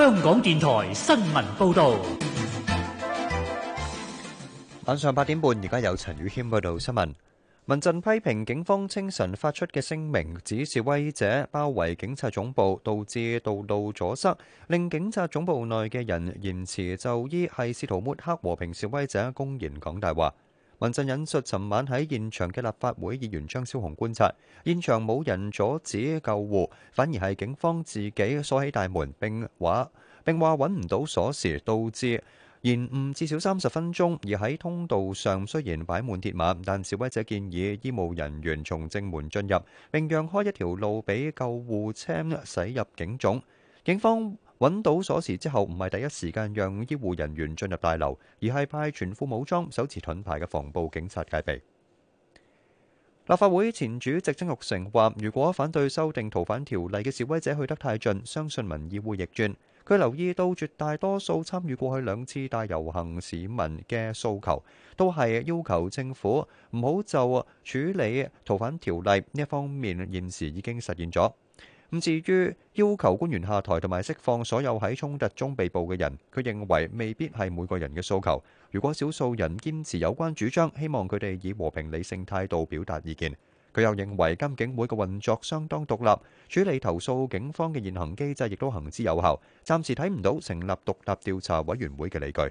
香港電台新聞報道，晚上八點半，而家有陳宇謙報道新聞。民陣批評警方清晨發出嘅聲明，指示威者包圍警察總部，導致道路阻塞，令警察總部內嘅人延遲就醫，係試圖抹黑和平示威者，公然講大話。民陣引述，尋晚喺現場嘅立法會議員張超雄觀察，現場冇人阻止救護，反而係警方自己鎖起大門，並話並話揾唔到鎖匙，導致延誤至少三十分鐘。而喺通道上雖然擺滿鐵馬，但示威者建議醫務人員從正門進入，並讓開一條路俾救護車駛入警總。警方揾到鎖匙之後，唔係第一時間讓醫護人員進入大樓，而係派全副武裝、手持盾牌嘅防暴警察戒備。立法會前主席曾玉成話，如果反對修訂逃犯條例嘅示威者去得太盡，相信民意會逆轉。佢留意到絕大多數參與過去兩次大遊行市民嘅訴求，都係要求政府唔好就處理逃犯條例呢一方面，現時已經實現咗。咁至於要求官員下台同埋釋放所有喺衝突中被捕嘅人，佢認為未必係每個人嘅訴求。如果少數人堅持有關主張，希望佢哋以和平理性態度表達意見。佢又認為監警會嘅運作相當獨立，處理投訴警方嘅現行機制亦都行之有效，暫時睇唔到成立獨立調查委員會嘅理據。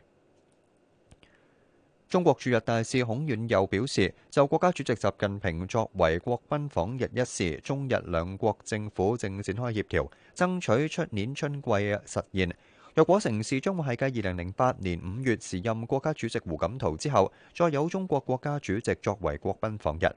中國駐日大使孔鉉佑表示，就國家主席習近平作為國賓訪日一事，中日兩國政府正展開協調，爭取出年春季實現。若果成事將會係繼二零零八年五月時任國家主席胡錦濤之後，再有中國國家主席作為國賓訪日。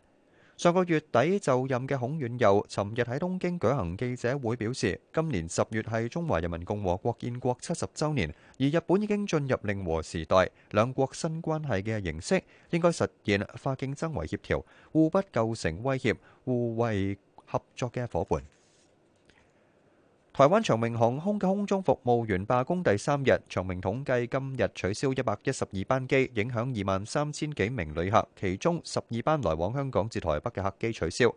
上個月底就任嘅孔遠佑，尋日喺東京舉行記者會，表示今年十月係中華人民共和國建國七十週年，而日本已經進入令和時代，兩國新關係嘅形式應該實現化競爭為協調，互不構成威脅，互為合作嘅夥伴。台灣長榮航空嘅空中服務員罷工第三日，長榮統計今日取消一百一十二班機，影響二萬三千幾名旅客，其中十二班來往香港至台北嘅客機取消。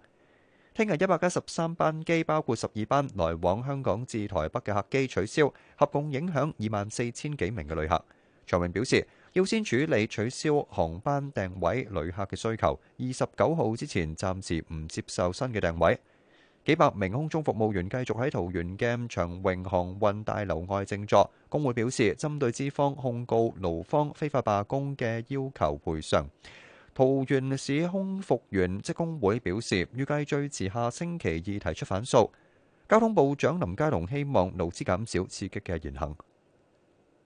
聽日一百一十三班機，包括十二班來往香港至台北嘅客機取消，合共影響二萬四千幾名嘅旅客。長榮表示要先處理取消航班訂位旅客嘅需求，二十九號之前暫時唔接受新嘅訂位。幾百名空中服務員繼續喺桃園嘅長榮航運大樓外靜坐。工會表示，針對資方控告勞方非法罷工嘅要求賠償。桃園市空服員職工會表示，預計最遲下星期二提出反訴。交通部長林佳龍希望勞資減少刺激嘅言行。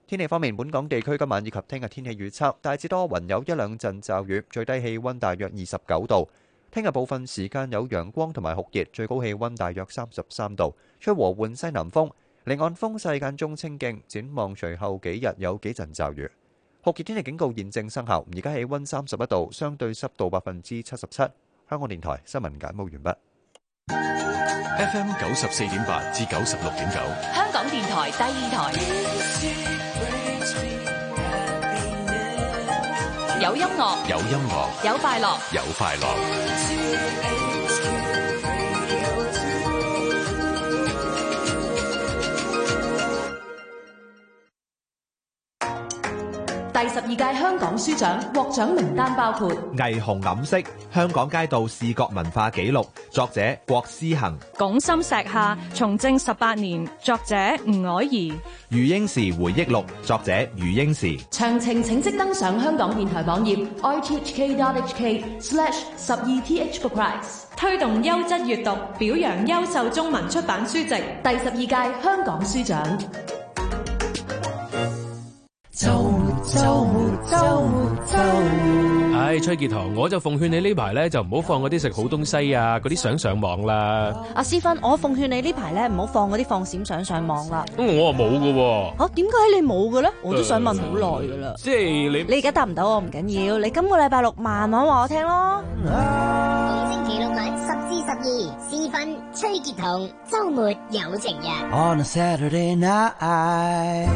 天氣方面，本港地區今晚以及聽日天氣預測大致多雲，有一兩陣驟雨，最低氣温大約二十九度。聽日部分時間有陽光同埋酷熱，最高氣溫大約三十三度，吹和緩西南風，離岸風勢間中清勁。展望隨後幾日有幾陣驟雨，酷熱天氣警告現正生效。而家氣溫三十一度，相對濕度百分之七十七。香港電台新聞簡報完畢。FM 九十四點八至九十六點九，香港電台第二台。有音樂，有音樂，有快樂，有快樂。書獎獲獎名單包括《霓虹暗色》香港街道視覺文化紀錄，作者郭思恆；《拱心石下從政十八年》，作者吳靄儀；《余英時回憶錄》，作者余英時。詳情請即登上香港電台網頁 ithk.hk/slash 十二 th prize，推動優質閱讀，表揚優秀中文出版書籍。第十二屆香港書獎。周。周末周末周末，唉，崔潔彤，我就奉勸你呢排咧就唔好放嗰啲食好東西啊，嗰啲相上網啦。阿思芬，我奉勸你呢排咧唔好放嗰啲放閃相上網啦。我話冇噶喎。吓，點解你冇嘅咧？我都想問好耐噶啦。即係你你而家答唔到我唔緊要，你今個禮拜六慢慢話我聽咯。逢星期六晚十至十二，思芬、崔潔彤周末有情人。On a Saturday night.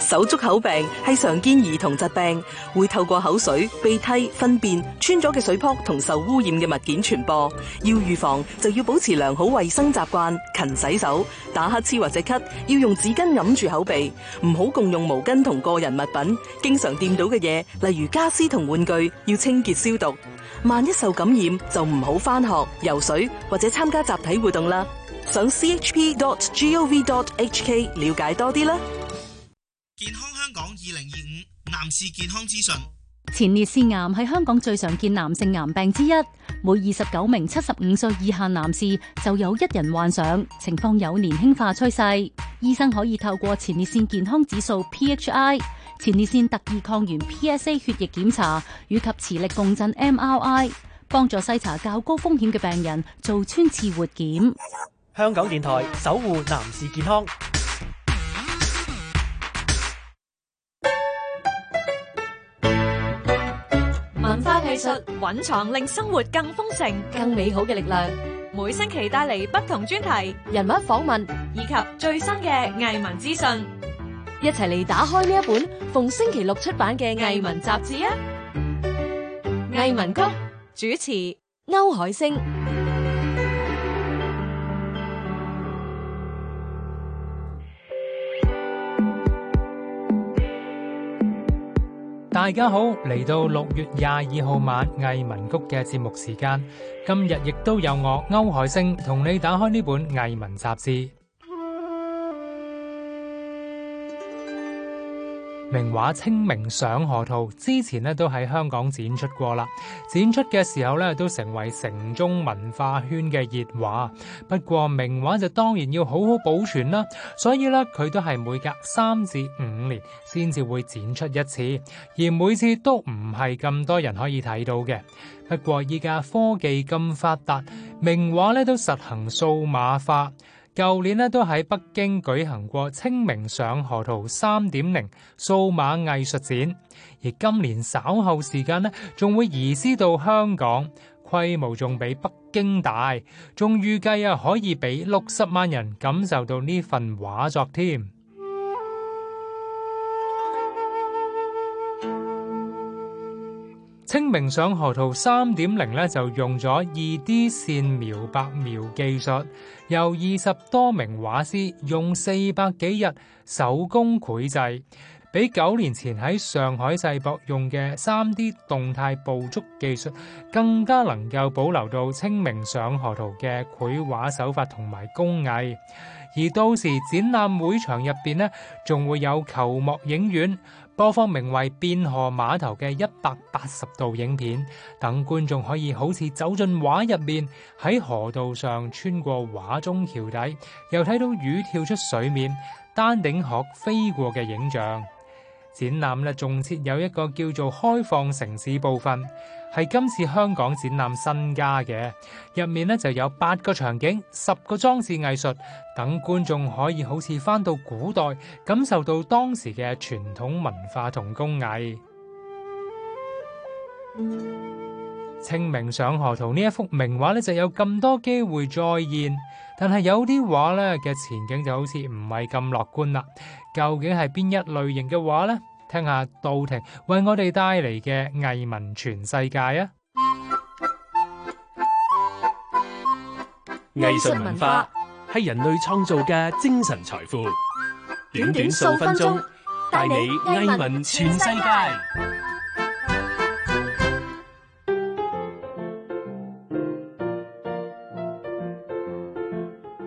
手足口病係常見兒童疾病，會透過口水、鼻涕、糞便、穿咗嘅水泡同受污染嘅物件傳播。要預防，就要保持良好衛生習慣，勤洗手，打乞嗤或者咳，要用紙巾揞住口鼻，唔好共用毛巾同個人物品。經常掂到嘅嘢，例如家私同玩具，要清潔消毒。萬一受感染，就唔好翻學、游水或者參加集體活動啦。上 chp.gov.hk 了解多啲啦。健康香港二零二五，男士健康資訊。前列腺癌係香港最常見男性癌病之一，每二十九名七十五歲以下男士就有一人患上，情況有年輕化趨勢。醫生可以透過前列腺健康指數 PHI、前列腺特異抗原 PSA 血液檢查以及磁力共振 MRI，幫助篩查較高風險嘅病人做穿刺活檢。香港電台守護男士健康。蘊藏令生活更豐盛、更美好嘅力量，每星期帶嚟不同專題、人物訪問以及最新嘅藝文資訊，一齊嚟打開呢一本逢星期六出版嘅藝文雜誌啊！藝文曲主持歐海星。大家好，嚟到六月廿二號晚藝文谷嘅節目時間，今日亦都有我歐海星同你打開呢本藝文雜誌。名畫《清明上河圖》之前咧都喺香港展出過啦，展出嘅時候咧都成為城中文化圈嘅熱話。不過名畫就當然要好好保存啦，所以咧佢都係每隔三至五年先至會展出一次，而每次都唔係咁多人可以睇到嘅。不過依家科技咁發達，名畫咧都實行數碼化。舊年咧都喺北京舉行過清明上河圖三點零數碼藝術展，而今年稍後時間咧仲會移師到香港，規模仲比北京大，仲預計啊可以俾六十萬人感受到呢份畫作添。清明上河圖三點零咧就用咗二 D 線描白描技術，由二十多名畫師用四百幾日手工繪製，比九年前喺上海世博用嘅三 D 動態捕捉技術更加能夠保留到清明上河圖嘅繪畫手法同埋工藝，而到時展覽會場入邊咧，仲會有球幕影院。播放名為《汴河碼頭》嘅一百八十度影片，等觀眾可以好似走進畫入面，喺河道上穿過畫中橋底，又睇到魚跳出水面、丹頂鶴飛過嘅影像。展覽咧仲設有一個叫做開放城市部分。係今次香港展覽新加嘅，入面咧就有八個場景、十個裝置藝術，等觀眾可以好似返到古代，感受到當時嘅傳統文化同工藝。清明上河圖呢一幅名畫咧，就有咁多機會再現，但係有啲畫咧嘅前景就好似唔係咁樂觀啦。究竟係邊一類型嘅畫呢？聽下杜婷為我哋帶嚟嘅藝文全世界啊！藝術文化係人類創造嘅精神財富，短短數分鐘帶你藝文全世界。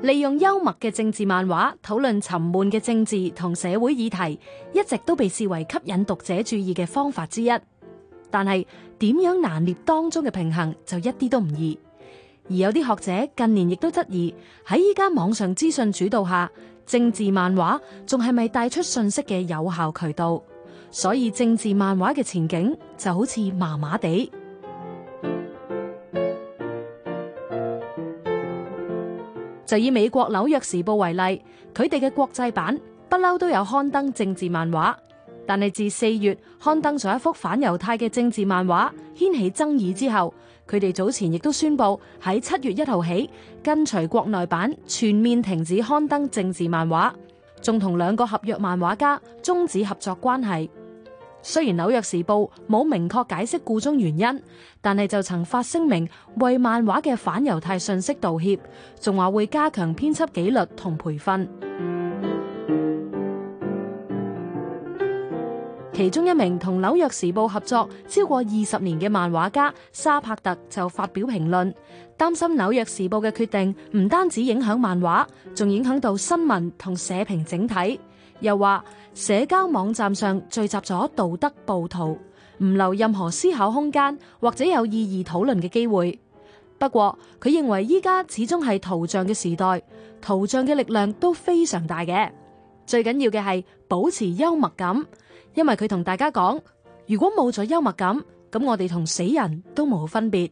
利用幽默嘅政治漫畫，討論沉悶嘅政治同社會議題，一直都被視為吸引讀者注意嘅方法之一。但係點樣拿捏當中嘅平衡，就一啲都唔易。而有啲學者近年亦都質疑，喺依家網上資訊主導下，政治漫畫仲係咪帶出信息嘅有效渠道？所以政治漫畫嘅前景就好似麻麻地。就以美國紐約時報為例，佢哋嘅國際版不嬲都有刊登政治漫畫，但係自四月刊登咗一幅反猶太嘅政治漫畫，掀起爭議之後，佢哋早前亦都宣布喺七月一號起，跟隨國內版全面停止刊登政治漫畫，仲同兩個合約漫畫家終止合作關係。雖然紐約時報冇明確解釋個中原因，但係就曾發聲明為漫畫嘅反猶太信息道歉，仲話會加強編輯紀律同培訓。其中一名同紐約時報合作超過二十年嘅漫畫家沙帕特就發表評論，擔心紐約時報嘅決定唔單止影響漫畫，仲影響到新聞同社評整體。又話社交網站上聚集咗道德暴徒，唔留任何思考空間，或者有意義討論嘅機會。不過佢認為依家始終係圖像嘅時代，圖像嘅力量都非常大嘅。最緊要嘅係保持幽默感，因為佢同大家講，如果冇咗幽默感，咁我哋同死人都冇分別。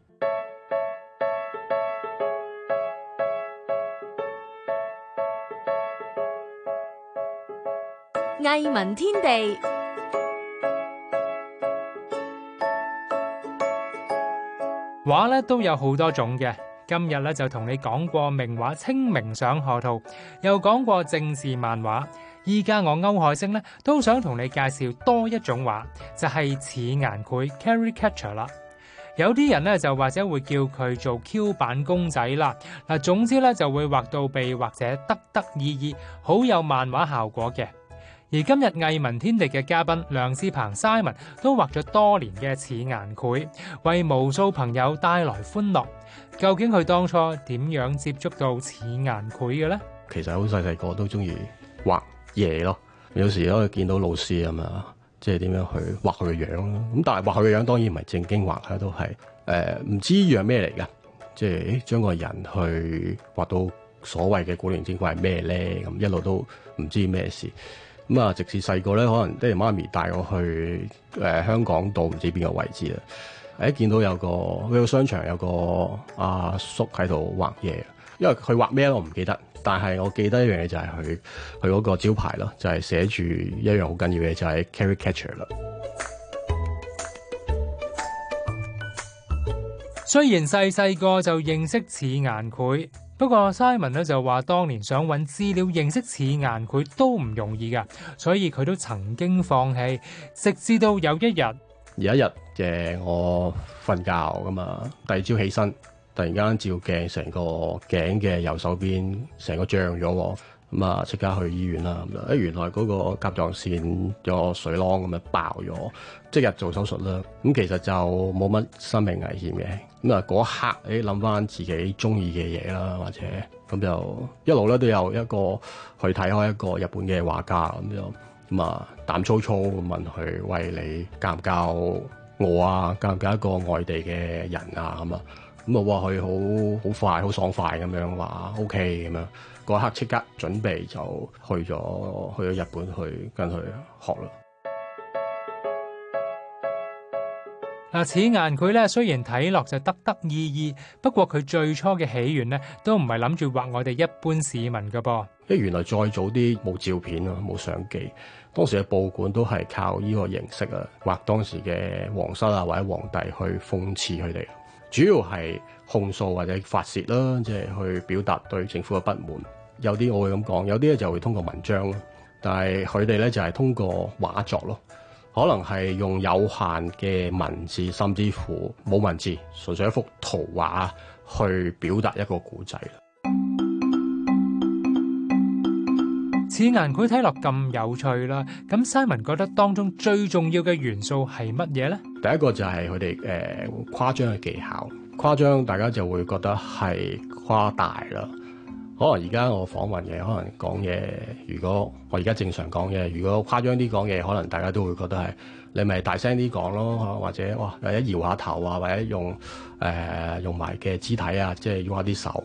藝文天地畫咧都有好多種嘅。今日咧就同你講過名畫《清明上河圖》，又講過政治漫畫。依家我歐海星咧都想同你介紹多一種畫，就係似顏繪 （caricature） 啦。有啲人咧就或者會叫佢做 Q 版公仔啦。嗱，總之咧就會畫到鼻或者得得意意，好有漫畫效果嘅。而今日藝文天地嘅嘉賓梁志澎 Simon 都畫咗多年嘅似顏繪，為無數朋友帶來歡樂。究竟佢當初點樣接觸到似顏繪嘅咧？其實好細細個都中意畫嘢咯，有時都可以見到老師咁啊，即係點樣去畫佢嘅樣啦。咁但係畫佢嘅樣當然唔係正經畫佢都係誒唔知樣咩嚟嘅，即係誒將個人去畫到所謂嘅古靈精怪係咩咧？咁一路都唔知咩事。咁啊，直至細個咧，可能爹哋媽咪帶我去誒、呃、香港到唔知邊個位置啦。誒、哎，見到有個佢個商場有個阿、啊、叔喺度畫嘢，因為佢畫咩我唔記得，但係我記得一樣嘢就係佢佢嗰個招牌咯，就係、是、寫住一樣好緊要嘅就係、是、Carry Catcher 啦。雖然細細個就認識似顏繪。不過，Simon 咧就話，當年想揾資料認識似顏，佢都唔容易嘅，所以佢都曾經放棄，直至到有一日，有一日嘅我瞓覺噶嘛，第二朝起身，突然間照鏡，成個頸嘅右手邊成個脹咗喎。咁啊，即刻去醫院啦，咁誒原來嗰個甲狀腺個水囊咁啊爆咗，即日做手術啦。咁其實就冇乜生命危險嘅。咁啊，嗰一刻，誒諗翻自己中意嘅嘢啦，或者咁就一路咧都有一個去睇開一個日本嘅畫家咁樣。咁啊，膽粗粗咁問佢喂，你教唔教我啊？教唔教一個外地嘅人啊？咁啊？咁啊！佢好好快，好爽快咁樣話，O K 咁樣，嗰刻即刻準備就去咗，去咗日本去跟佢學啦。嗱，似顏繪咧，雖然睇落就得得意意，不過佢最初嘅起源咧，都唔係諗住畫我哋一般市民噶噃。因為原來再早啲冇照片啊，冇相機，當時嘅報館都係靠呢個形式啊，畫當時嘅皇室啊或者皇帝去諷刺佢哋。主要係控訴或者發泄啦，即係去表達對政府嘅不滿。有啲我會咁講，有啲咧就會通過文章，但係佢哋咧就係通過畫作咯。可能係用有限嘅文字，甚至乎冇文字，純粹一幅圖畫去表達一個古仔。似顏佢睇落咁有趣啦，咁 Simon 覺得當中最重要嘅元素係乜嘢咧？第一個就係佢哋誒誇張嘅技巧，誇張大家就會覺得係誇大啦。可能而家我訪問嘅，可能講嘢，如果我而家正常講嘢，如果誇張啲講嘢，可能大家都會覺得係你咪大聲啲講咯，或者哇或者搖下頭啊，或者用誒、呃、用埋嘅肢體啊，即係用下啲手。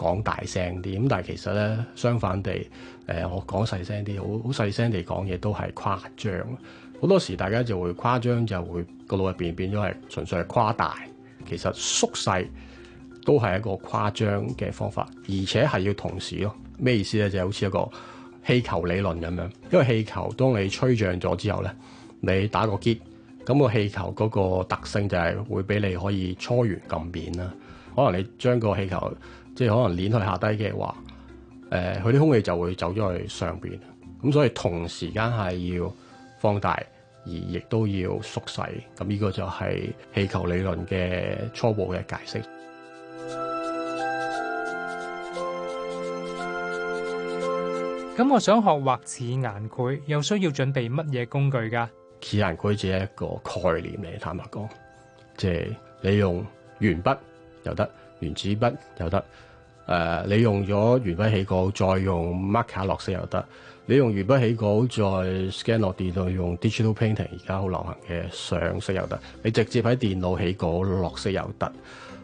講大聲啲，咁但係其實咧，相反地，誒、呃、我講細聲啲，好好細聲地講嘢都係誇張。好多時大家就會誇張，就會個腦入邊變咗係純粹係誇大。其實縮細都係一個誇張嘅方法，而且係要同時咯。咩意思咧？就係、好似一個氣球理論咁樣，因為氣球當你吹脹咗之後咧，你打個結，咁個氣球嗰個特性就係會俾你可以搓圓咁扁啦。可能你將個氣球。即係可能攣去下低嘅話，誒佢啲空氣就會走咗去上邊，咁所以同時間係要放大，而亦都要縮細，咁呢個就係氣球理論嘅初步嘅解釋。咁我想學畫似顏繪，又需要準備乜嘢工具㗎？似顏繪只係一個概念嚟，坦白講，即係你用鉛筆又得。原子筆又得、呃，你用咗鉛筆起稿，再用 marker 落色又得。你用鉛筆起稿，再 scan 落電腦用 digital painting 而家好流行嘅上色又得。你直接喺電腦起稿落色又得。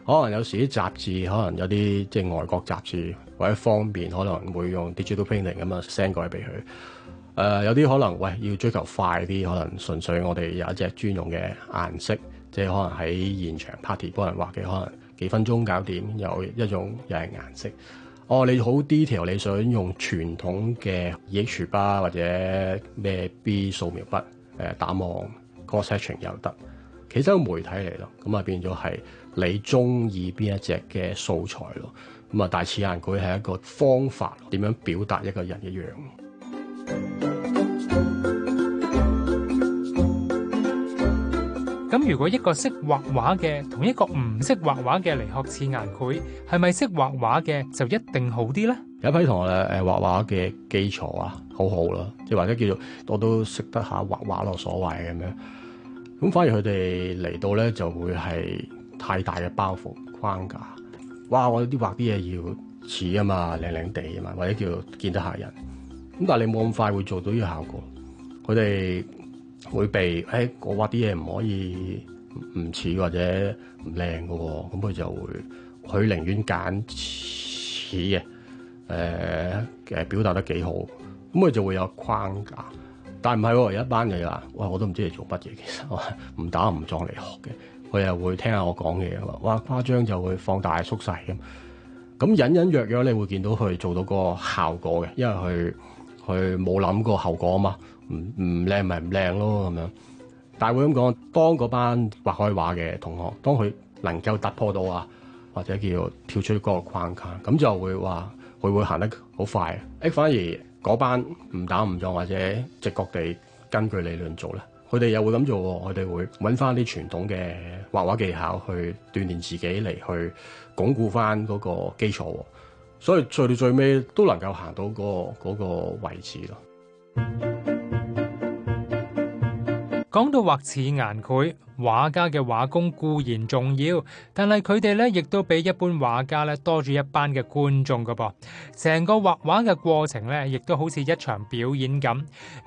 可能有時啲雜誌，可能有啲即係外國雜誌或者方便，可能會用 digital painting 咁啊 send 過去俾佢。呃，有啲可能喂要追求快啲，可能純粹我哋有一隻專用嘅顏色，即係可能喺現場 party 幫人畫嘅可能。幾分鐘搞掂，有一種又係顏色。哦，你好 detail，你想用傳統嘅 E H 筆或者咩 B 掃描筆，誒、呃、打網，個 section 又得。其實個媒體嚟咯，咁啊變咗係你中意邊一隻嘅素材咯，咁啊大似顏繪係一個方法，點樣表達一個人一樣。 如果一個識畫畫嘅同一個唔識畫畫嘅嚟學似顏繪，係咪識畫畫嘅就一定好啲咧？有一批同學咧，誒、呃、畫畫嘅基礎啊，好好咯，即係或者叫做我都識得下畫畫咯，所謂嘅咁樣。咁反而佢哋嚟到咧就會係太大嘅包袱框架。哇！我啲畫啲嘢，要似啊嘛，靚靚地啊嘛，或者叫做見得下人。咁但係你冇咁快會做到呢個效果，佢哋。會被誒、哎，我話啲嘢唔可以唔似或者唔靚嘅喎，咁佢就會佢寧願揀似嘅，誒嘅、呃、表達得幾好，咁佢就會有框架。但唔係喎，有一班嘅啦，哇！我都唔知你做乜嘢，其實唔打唔撞嚟學嘅，佢又會聽下我講嘅嘢喎，哇！誇張就會放大縮細咁，咁隱隱約約你會見到佢做到個效果嘅，因為佢佢冇諗過後果啊嘛。唔唔靚咪唔靚咯咁樣，但係會咁講，當嗰班畫開畫嘅同學，當佢能夠突破到啊，或者叫跳出嗰個框架，咁就會話佢會行得好快啊。誒，反而嗰班唔打唔撞或者直覺地根據理論做咧，佢哋又會咁做，佢哋會揾翻啲傳統嘅畫畫技巧去鍛煉自己嚟，去鞏固翻嗰個基礎，所以去到最尾都能夠行到嗰嗰個位置咯。講到畫似顏繪，畫家嘅畫工固然重要，但係佢哋咧亦都比一般畫家咧多住一班嘅觀眾㗎噃。成個畫畫嘅過程咧，亦都好似一場表演咁。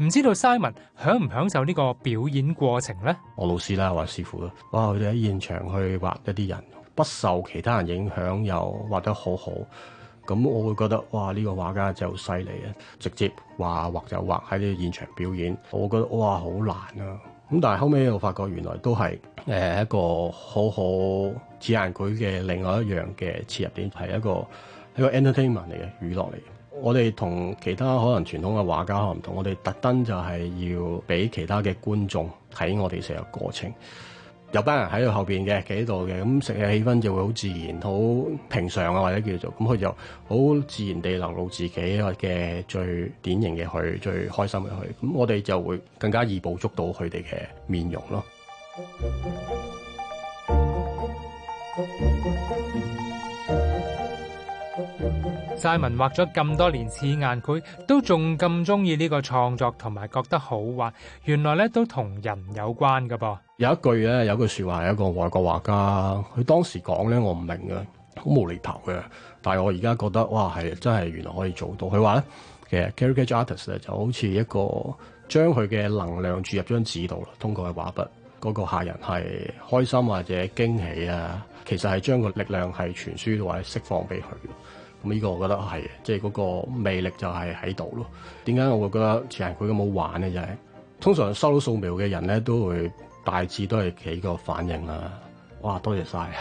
唔知道 Simon 享唔享受呢個表演過程咧？我老師啦，畫師傅啊，哇！佢哋喺現場去畫一啲人，不受其他人影響，又畫得好好。咁我會覺得，哇！呢、這個畫家就好犀利啊！直接畫畫就畫喺呢個現場表演，我覺得哇，好難啊！咁但係後尾我發覺原來都係誒一個好好展現佢嘅另外一樣嘅切入點，係一個一個 entertainment 嚟嘅，娛樂嚟嘅。我哋同其他可能傳統嘅畫家可能唔同，我哋特登就係要俾其他嘅觀眾睇我哋成個過程。有班人喺度後邊嘅企喺度嘅，咁食嘅氣氛就會好自然、好平常啊，或者叫做咁，佢就好自然地流露自己嘅最典型嘅佢最開心嘅佢，咁我哋就會更加易捕捉到佢哋嘅面容咯。Simon 畫咗咁多年似顏繪，佢都仲咁中意呢個創作，同埋覺得好玩。原來咧都同人有關噶噃。有一句咧，有句說話係一個外國畫家，佢當時講咧，我唔明嘅，好無厘頭嘅。但係我而家覺得，哇，係真係原來可以做到。佢話咧，其實 caricature artist 咧就好似一個將佢嘅能量注入張紙度啦，通過嘅畫筆，嗰個客人係開心或者驚喜啊，其實係將個力量係傳輸或者釋放俾佢。咁呢個我覺得係即係嗰個魅力就係喺度咯。點解我會覺得似顏繪咁好玩呢？就係，通常收到素描嘅人咧都會大致都係幾個反應啦、啊。哇，多謝晒！啊！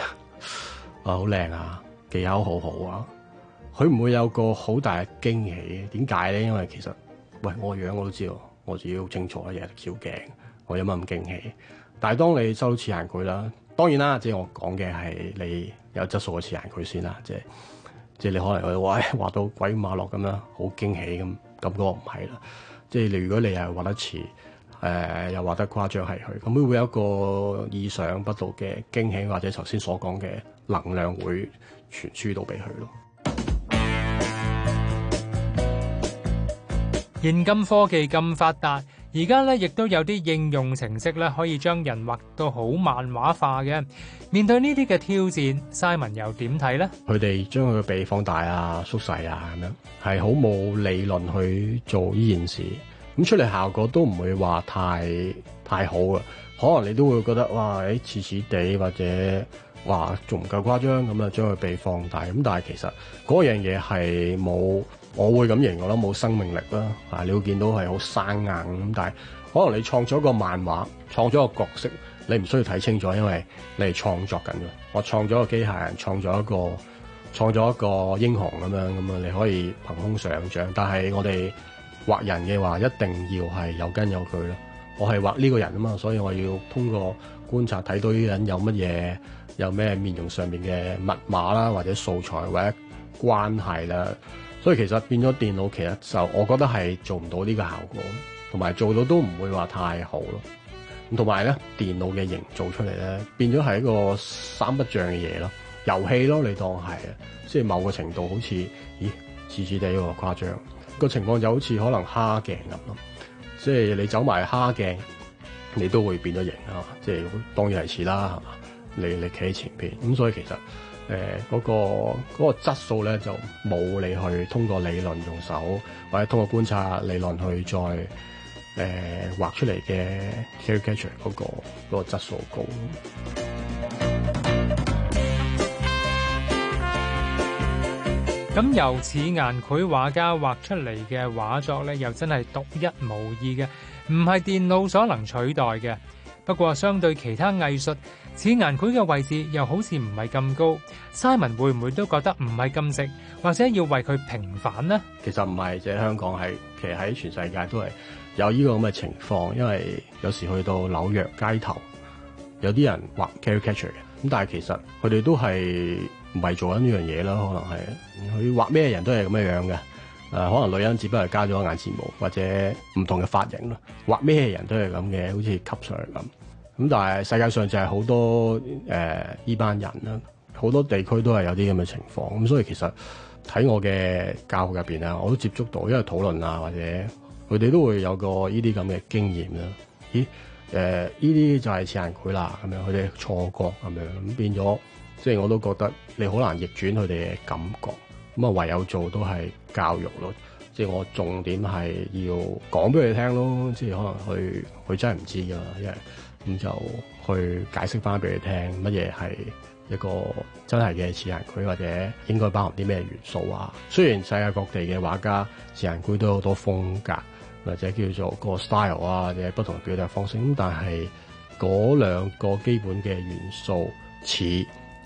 啊，好靚啊，技巧好好啊。佢唔會有個好大嘅驚喜。點解咧？因為其實，喂，我個樣我都知道，我自己好清楚嘅嘢，日日照鏡，我有乜咁驚喜？但係當你收到似顏繪啦，當然啦，即係我講嘅係你有質素嘅似顏繪先啦，即係。即係你可能佢話話到鬼馬落咁樣，好驚喜咁，咁嗰個唔係啦。即係你如果你係畫得遲，誒、呃、又畫得誇張係佢，咁會有一個意想不到嘅驚喜，或者頭先所講嘅能量會傳輸到俾佢咯。現今科技咁發達。而家咧，亦都有啲應用程式咧，可以將人畫到好漫畫化嘅。面對呢啲嘅挑戰，Simon 又點睇咧？佢哋將佢嘅鼻放大啊、縮細啊咁樣，係好冇理論去做呢件事。咁出嚟效果都唔會話太太好啊。可能你都會覺得哇，誒，似似地或者。話仲唔夠誇張咁啊？將佢被放大咁，但係其實嗰樣嘢係冇我會咁形容啦，冇生命力啦。啊，你會見到係好生硬咁，但係可能你創作一個漫畫，創作一個角色，你唔需要睇清楚，因為你係創作緊。我創作一個機械人，創作一個創作一個英雄咁樣咁樣，你可以憑空想像。但係我哋畫人嘅話，一定要係有根有據咯。我係畫呢個人啊嘛，所以我要通過觀察睇到呢個人有乜嘢。有咩面容上面嘅密碼啦，或者素材或者關係啦，所以其實變咗電腦其實就我覺得係做唔到呢個效果，同埋做到都唔會話太好咯。咁同埋咧，電腦嘅型做出嚟咧，變咗係一個三不像嘅嘢咯，遊戲咯你當係啊，即係某個程度好似，咦似似哋個誇張個情況就好似可能蝦鏡咁咯，即係你走埋蝦鏡，你都會變咗型啊，即係當然係似啦，係嘛？你你企喺前邊，咁所以其實誒嗰、呃嗰個嗰、嗰個質素咧就冇你去通過理論用手或者通過觀察理論去再誒畫、呃、出嚟嘅 caricature 嗰個質、嗰個、素高。咁由此，顏繪畫家畫出嚟嘅畫作咧，又真係獨一無二嘅，唔係電腦所能取代嘅。不過，相對其他藝術，似顏繪嘅位置又好似唔係咁高。Simon 會唔會都覺得唔係咁值，或者要為佢平反呢？其實唔係，即係香港係其實喺全世界都係有呢個咁嘅情況，因為有時去到紐約街頭，有啲人畫 caricature 嘅，咁但係其實佢哋都係唔係做緊呢樣嘢啦。可能係佢畫咩人都係咁嘅樣嘅。誒，可能女人只不過係加咗眼睫毛或者唔同嘅髮型咯，畫咩人都係咁嘅，好似吸上去咁。咁但係世界上就係好多誒呢、呃、班人啦，好多地區都係有啲咁嘅情況。咁所以其實喺我嘅教學入邊我都接觸到，因為討論啊或者佢哋都會有過呢啲咁嘅經驗啦。咦？誒呢啲就係似顏繪啦，咁樣佢哋錯覺咁樣，咁變咗即係我都覺得你好難逆轉佢哋嘅感覺。咁啊，唯有做都係教育咯，即係我重點係要講俾佢聽咯，即係可能佢佢真係唔知噶，因為，咁就去解釋翻俾佢聽乜嘢係一個真係嘅似顏繪或者應該包含啲咩元素啊。雖然世界各地嘅畫家似顏繪都有好多風格或者叫做個 style 啊，或者不同表達方式，咁但係嗰兩個基本嘅元素似。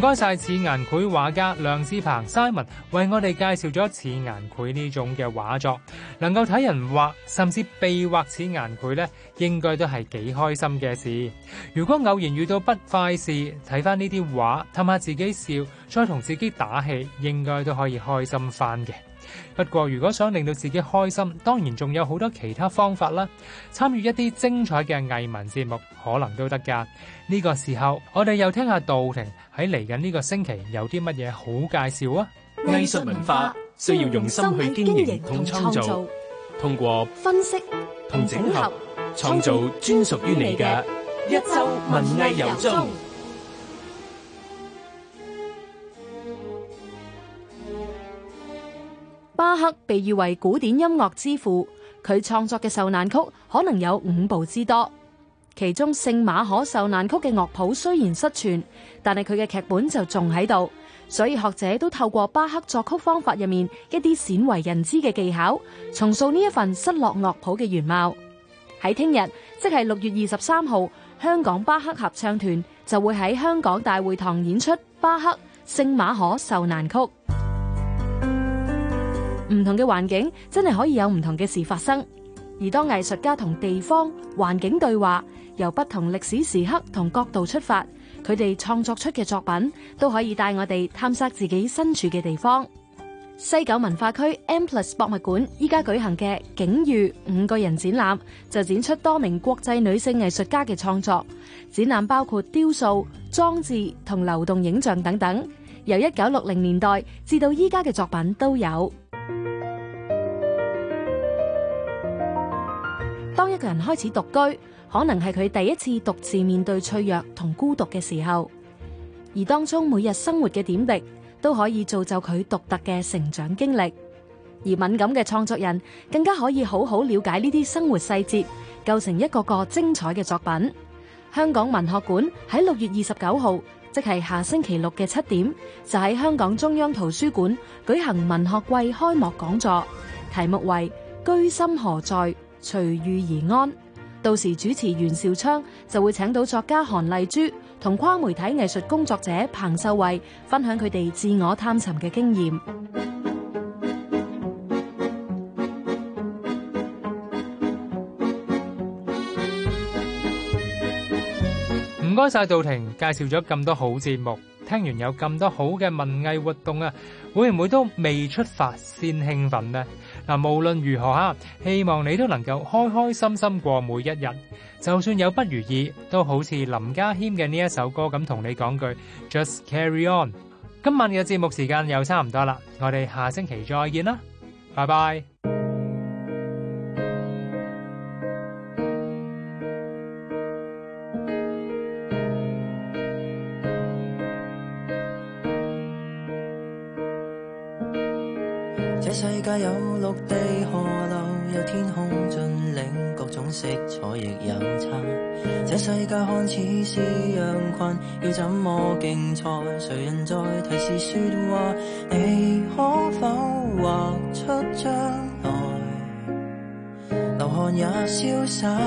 唔該晒，似顏繪畫家梁志澎 Simon 為我哋介紹咗似顏繪呢種嘅畫作，能夠睇人畫甚至被畫似顏繪咧，應該都係幾開心嘅事。如果偶然遇到不快事，睇翻呢啲畫，氹下自己笑，再同自己打氣，應該都可以開心翻嘅。不過如果想令到自己開心，當然仲有好多其他方法啦。參與一啲精彩嘅藝文節目可能都得㗎。呢、這個時候我哋又聽下杜婷喺嚟緊呢個星期有啲乜嘢好介紹啊？藝術文化需要用心去經營同創造，創造通過分析同整合，創造專屬於你嘅一周文藝遊蹤。巴赫被譽為古典音樂之父，佢創作嘅受難曲可能有五部之多。其中聖馬可受難曲嘅樂譜雖然失傳，但係佢嘅劇本就仲喺度，所以學者都透過巴赫作曲方法入面一啲鮮為人知嘅技巧，重塑呢一份失落樂譜嘅原貌。喺聽日，即係六月二十三號，香港巴赫合唱團就會喺香港大會堂演出巴赫聖馬可受難曲。唔同嘅環境真係可以有唔同嘅事發生。而當藝術家同地方環境對話，由不同歷史時刻同角度出發，佢哋創作出嘅作品都可以帶我哋探索自己身處嘅地方。西九文化區 M+ 博物館依家舉行嘅《景遇五個人》展覽，就展出多名國際女性藝術家嘅創作。展覽包括雕塑、裝置同流動影像等等，由一九六零年代至到依家嘅作品都有。當一個人開始獨居，可能係佢第一次獨自面對脆弱同孤獨嘅時候，而當中每日生活嘅點滴都可以造就佢獨特嘅成長經歷。而敏感嘅創作人更加可以好好了解呢啲生活細節，構成一個個精彩嘅作品。香港文學館喺六月二十九號，即係下星期六嘅七點，就喺香港中央圖書館舉行文學季開幕講座，題目為《居心何在》。隨遇而安，到時主持袁兆昌就會請到作家韓麗珠同跨媒體藝術工作者彭秀慧分享佢哋自我探尋嘅經驗。唔該晒杜婷介紹咗咁多好節目，聽完有咁多好嘅文藝活動啊，會唔會都未出發先興奮呢？嗱，無論如何吓，希望你都能夠開開心心過每一日。就算有不如意，都好似林家謙嘅呢一首歌咁，同你講句 Just Carry On。今晚嘅節目時間又差唔多啦，我哋下星期再見啦，拜拜。要怎麼競賽？誰人在提示說話？你可否畫出將來？流汗也瀟灑，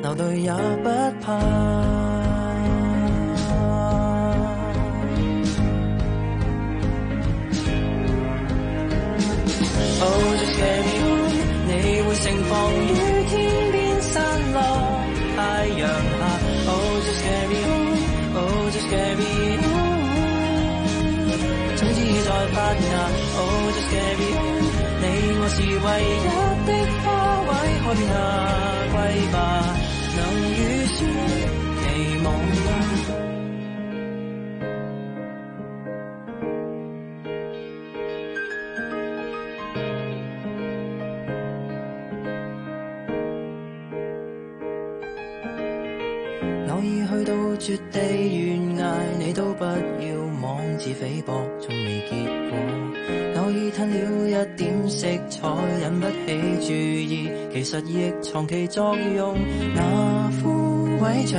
流淚也不怕。是唯一的花外開遍夏季吧，能預算期望嗎、啊？ 我已去到絕地。添了一點色彩，引不起注意。其實亦藏其作用，那枯萎着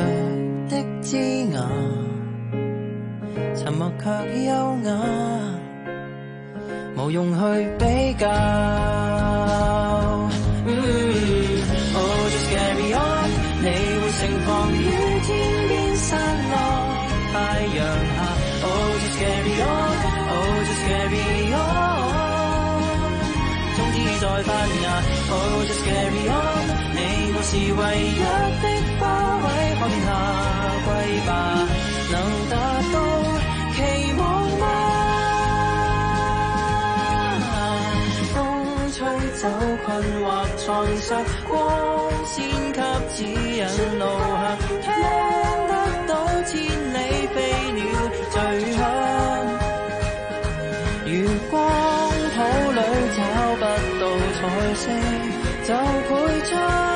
的枝椏，沉默卻優雅，無用去比較。是唯一的花卉，看下季吧，能達到期望嗎？啊？風吹走困惑創傷，光線給指引路向，聽得到千里飛鳥醉香。月光普里找不到彩色，就配出。